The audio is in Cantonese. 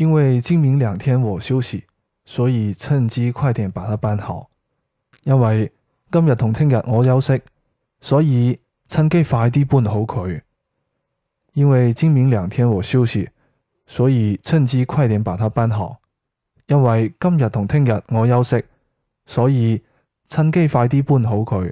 因為今明兩天我休息，所以趁機快點把它搬好。因為今日同聽日我休息，所以趁機快啲搬好佢。因為今明兩天我休息，所以趁機快點把它搬好。因為今日同聽日我休息，所以趁機快啲搬好佢。